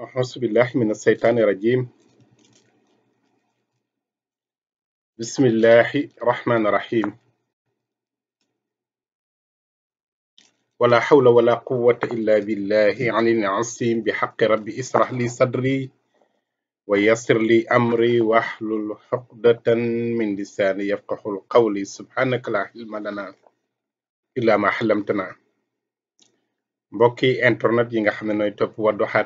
أعوذ بالله من الشيطان الرجيم بسم الله الرحمن الرحيم ولا حول ولا قوة إلا بالله عن العصيم بحق ربي اسرح لي صدري ويسر لي أمري واحلل حقدة من لساني يفقه القول سبحانك لا علم لنا إلا ما حلمتنا بوكي انترنت yi nga xam ne nooy topp Wadduha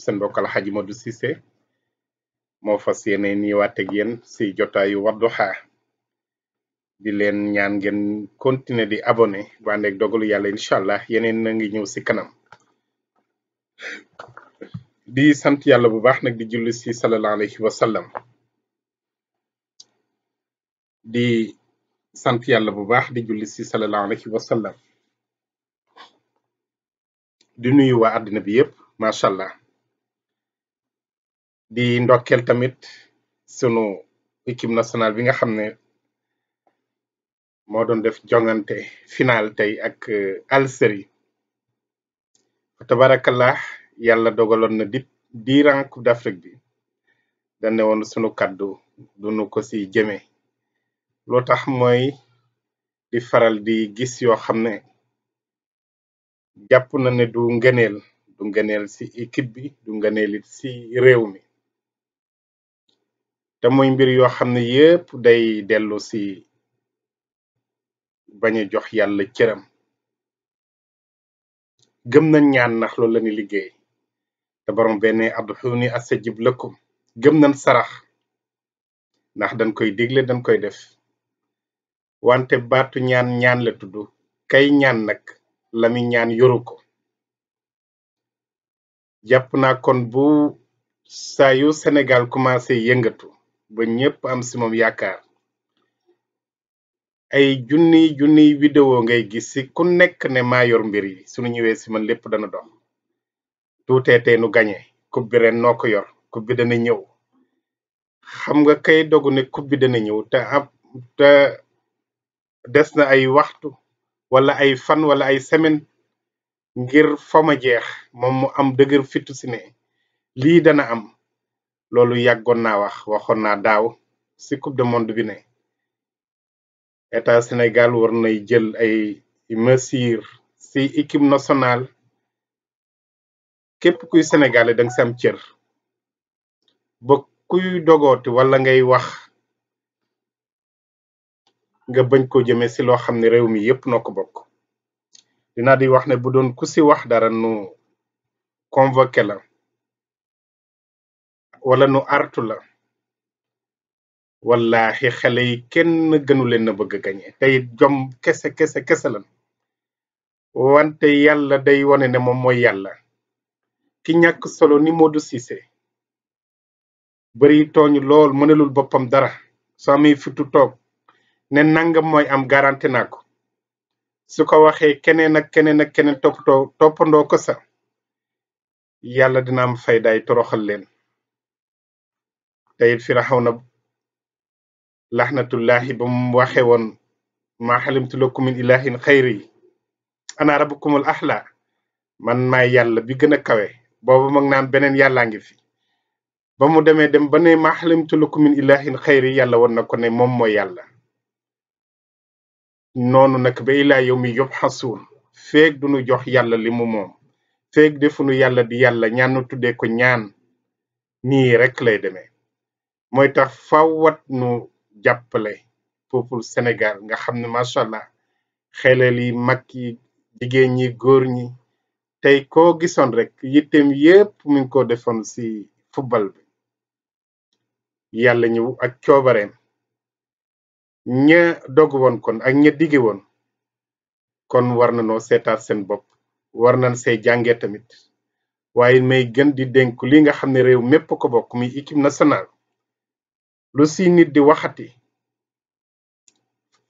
seen mbokk Alxaaji Modou Cissé moo fas yéene nii waat ak yéen si jotaayu Wadduha di leen ñaan ngeen continuer di abonné bu ànd ak dogalu yàlla incha allah yeneen na ngi ñëw si kanam di sant yàlla bu baax nag di julli si sallallahu alayhi wa sallam di sant bu baax di julli si sallallahu alayhi wa sallam di nuyu waa àddina bi yépp macha allah di ndokel tamit sunu équipe nationale bi nga xam ne moo doon def jongante final tey ak euh, Algérie fa tabarakallah yàlla dogaloon na di diiran Coupe d'Afrique bi dañ ne sunu kàddu dunu ko si jëme loo tax mooy di faral di gis yoo xam ne jàpp na ne du ngëneel du ngëneel si équipe bi du ngëneel it si réew mi te muy mbir yoo xam ne yépp day dellu si bañ a jox yàlla cëram gëm nañ ñaan nax loolu la ñu liggéey te borom benn ud'uuni astajib lakum gëm nañ sarax ndax dañ koy digle dañ koy def wante baatu ñaan ñaan la tudd kay ñaan nag lami ñaan yoru ko jàpp na kon bu saa senegal Sénégal yëngatu ba ñépp am si moom yaakaar ay junniy junniy vidéo ngay gis si ku nekk ne maa yor mbir yi suñu ñëwee si man lépp dana dox tuutee tey nu gañe coupe ren noo yor coupe dana ñëw xam nga kay dogu ne coupe bi dana ñëw te ab te des na ay waxtu wala ay fan wala ay semaine ngir fa ma jeex moom mu am dëgër fitu si ne lii dana am loolu yàggoon naa wax waxoon naa daaw si coup de monde bi ne état Sénégal war nay jël ay mesures si équipe nationale képp kuy sénégalais da nga si am cër ba kuy dogooti wala ngay wax nga bañ ko jëmee si loo xam ne réew mi yépp noo ko bokk dinaa di wax ne bu doon ku si wax dara nu convoqué la. wala nu artu la wallahi xale yi kenn gënu leen bëgg a gañe tey jom kese kese kese lan wante yàlla day wane ne moom mooy yàlla ki ñàkk solo ni Modou Cissé bari tooñ lool mënalul boppam dara soo amee fitu toog ne nangam mooy am garante naa ko su ko waxee keneen ak keneen ak keneen toppatoo toppandoo ko sa yàlla dina am faydaay toroxal leen te it firawna laxnatullahi ba mu waxe woon maa xalimtu lakum min ilahin xayri yi ana rabbukumul axla man maay yàlla bi gën a kawe booba mag naan beneen yàllaa ngi fi ba mu demee dem ba ne maa xalimtu lakum min ilahin xayri yàlla woon na ko ne moom mooy yàlla noonu nag ba ilaa yow mi yóbbu xasuun feeg jox yàlla li mu moom feeg defu yàlla di yàlla ñaanu tuddee ko ñaan nii rek lay demee mooy tax fawat nu jàppale peuple Sénégal nga xam ne macha allah xelal yi mag yi jigéen ñi góor ñi tey koo gisoon rek yitteem yépp mu ngi ko defoon ci football bi yàlla ñëw ak coobareem ña dog woon kon ak ña digge woon kon war na noo seetaat seen bopp war nañ see jàngee tamit waaye may gën di dénk li nga xam ne réew mépp ko bokk muy équipe nationale lu si nit di waxati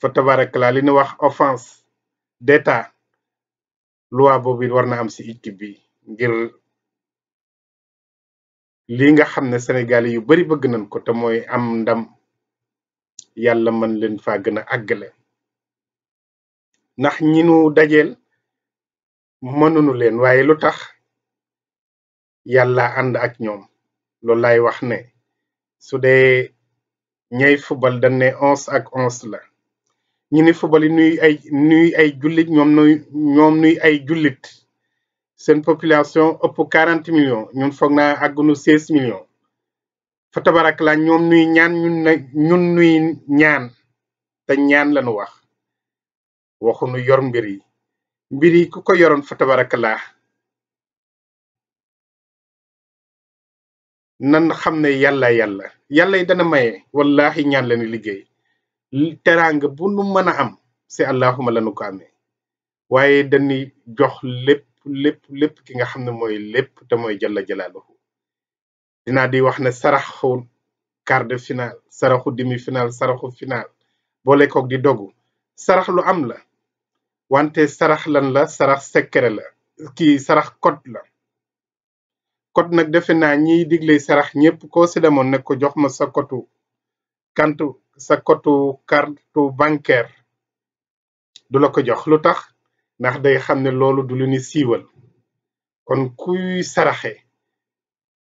fa tabarakalaa li ñu wax offense deta loi boobu war na am si équipe bi ngir lii nga xam ne sénégalais yu bari bëgg nañ ko te mooy am ndam yàlla mën leen faa gën a àggale ndax ñi nu dajeel mënunu leen waaye lu tax yàlla ànd ak ñoom loolu wax ne su ñooy fubal dañ ne ak onze la ñu ni fubal yi nuy ay nuy ay jullit ñoom nuy ay jullit seen population ëpp quarante millions ñun foog naa àggunu seize millions fa la ñoom nuy ñaan ñun na ñun nuy ñaan te ñaan lañu wax waxunu yor mbir yi mbir yi ku yoroon fa tabarak la nan xam ne yàlla yàlla yàlla yi dana maye wallahi ñaan la liggéey teraanga bu nu mën a am si allahuma lanu ko amee waaye dañuy jox lépp lépp lépp ki nga xam ne mooy lépp te mooy jalla jalaaluhu dinaa di wax ne saraxu quart de finale saraxu demi finale saraxu finale boole koog di dogu sarax lu am la wante sarax lan la sarax secret la kii sarax code la code nag defe naa ñiy digle sarax ñëpp koo si demoon nag ko jox ma sa kotu kantu sa kotu kartu bancaire du la ko jox lu tax ndax day xam ne loolu du lu ni siiwal kon kuy saraxe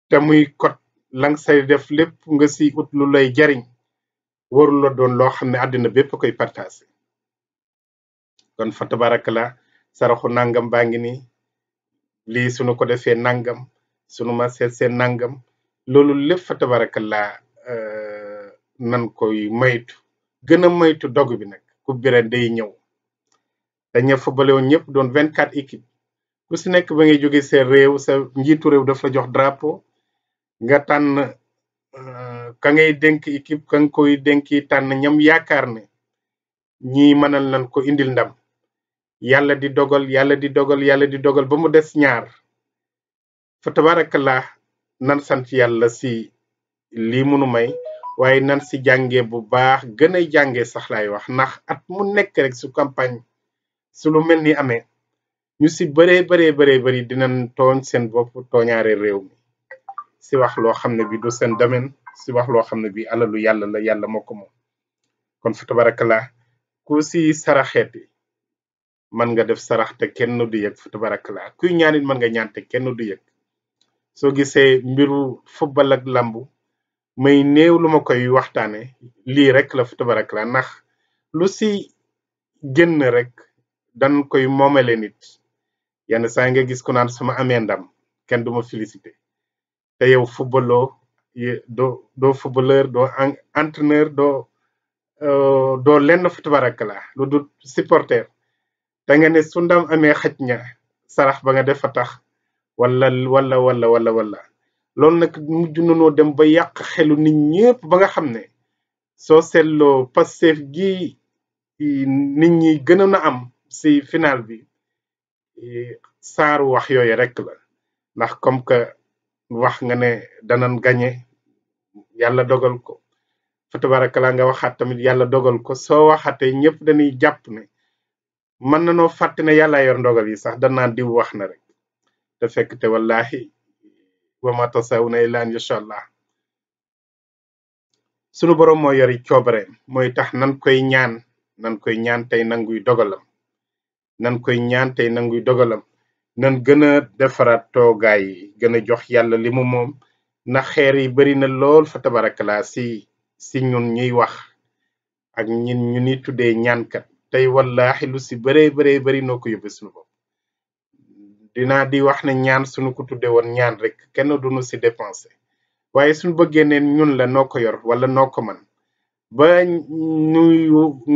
te muy code lang say def lépp nga si ut lu lay jariñ warul la doon loo xam ne àddina bépp koy partasé kon fa barak la saraxu nangam baa ngi nii lii sunu ko defee nangam sunu ma seet seen nangam loolu lépp fa tabarakallaa euh, nan koy maytu gën a maytu dog bi nag coupe bi day ñëw te ña fa bale woon ñëpp doon vingt quatre équipes ku si nekk ba ngay jóge seen réew sa njiitu réew daf la jox drapeau nga tànn euh, ka ngay dénk équipe ka nga koy dénki tànn ñam yaakaar ne ñi mënal nan ko indil ndam yàlla di dogal yàlla di dogal yàlla di dogal ba mu des ñaar fa tabarakallah nan sant yalla si limunumai, munu may waye nan si jange bu baax gëna jange sax lay wax ndax at mu nek rek su campagne su lu melni amé ñu si bëree bëree bëree bëri dinañ tooñ seen bopp tooñaare réew mi si wax lo xamné bi du sen domaine si wax lo xamné bi alalu yalla la yalla moko mo kon fa tabarakallah ku si saraxeti man nga def sarax te kenn du yek fa tabarakallah kuy ñaanit man nga ñaan te kenn du yek soo gisee mbiru football ak làmb may néew lu ma koy waxtaane lii rek la fa tabarak la ndax lu si génn rek dan koy moomale nit yenn saa nga gis ku naan sama amee ndam kenn du ma félicité te yow footballoo doo doo footballeur doo entraîneur euh, doo lenn fa tabarak la lu dul supporter da nga su ndam amee xaj ña sarax ba nga def fa tax wala wala wala wala wala loolu nag mujj nanoo dem ba yàq xelu nit ñëpp ba nga xam ne soo seetloo Pastef gi nit ñi gënoon a am si final bi saaru wax yooyu rek la ndax comme que wax nga ne danan gañe yàlla dogal ko fa tabarakala nga waxaat tamit yàlla dogal ko soo waxaatee ñëpp dañuy jàpp ne mën na noo fàtte ne yàlla yor ndogal yi sax danaa diw wax na rek te fekk te wallahi wa ma tasawuna illa an yasha allah sunu boroom moo yori coobare mooy tax nan koy ñaan nan koy ñaan tey nanguy dogalam nan koy ñaan tey nanguy dogalam nan gën a defaraat toogaay yi gën a jox yàlla li mu moom ndax xeer yi bari na lool fa tabarakalaa si si ñun ñuy wax ak ñin ñu ni tuddee ñaankat tey wallahi lu si baree baree bari noo ko yóbbe sunu dinaa di wax ne ñaan suñu ko tudde woon ñaan rek kenn duñu si dépensé waaye suñu bëggee ne ñun la noo ko yor wala noo ko man ba nuy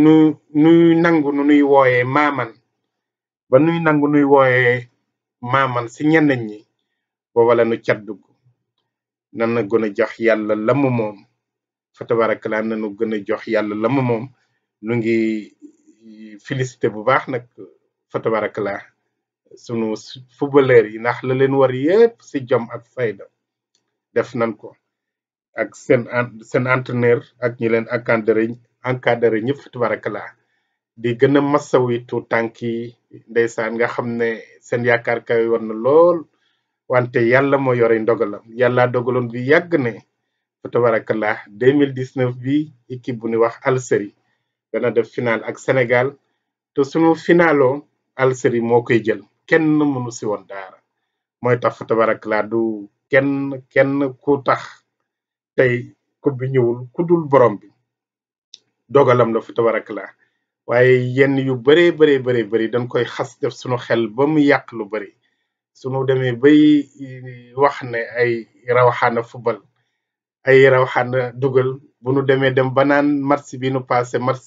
nu nangu nu nuy wooyee maaman ba nuy nangu nuy wooyee maaman si ñenn ñi wala nu cat dugg nan na gën jox yàlla la mu moom fa tabarakalaa nanu gën a jox yàlla lam mu moom nu ngi félicité bu baax nag fa tabarakalaa sunu footballeur yi nax la leen war yépp ci jom ak fayda def nan ko ak sen sen entraîneur ak ñi leen encadré encadré ñëpp tabarakallah di gëna a masawi tu tanki. yi nga xamne sen seen kay won na lool wante yalla mo yore ndogalam yalla dogalon bi yag ne 2019 bi équipe bu ni wax dana def final ak senegal to sunu finalo alseri mo koy jël kenn mënu si woon daara mooy tax fa tabarak laa du kenn kenn ku tax tey coupe bi ñëwul ku dul borom bi dogalam la fa tabarak laa waaye yenn yu bëree bëree bëri bëri dañ koy xas def suñu xel ba mu yàq lu bëri sunu demee bay wax ne ay rawaxaana fubal ay rawaxaana dogal bu nu demee dem ba naan match bi nu passé match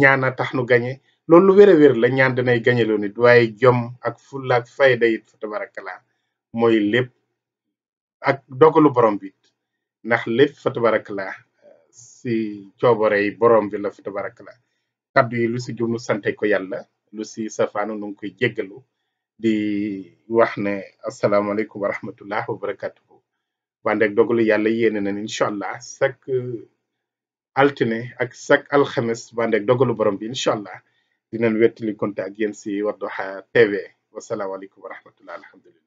ñaana tax nu gañe loolu lu wér a wér la ñaan danay gañaloo nit waaye jom ak fulla ak fayda it fa tabarakalaa mooy lépp ak dogalu borom bi ndax lépp fa tabarakalaa si coobare yi borom bi la fa tabarakalaa kaddu yi lu si jumnu sante ko yàlla lu si safaanu nu koy jéggalu di wax ne asalaamaaleykum wa rahmatullah wa barakatuhu wànde ak dogalu yàlla yéene na incha allah chaque altine ak sak alxemes wànde ak dogalu borom bi incha allah dinañ wettali kontaan ak yéen si Wadduha TV wasalaamaaleykum wa rahmatulah alhamdulilah.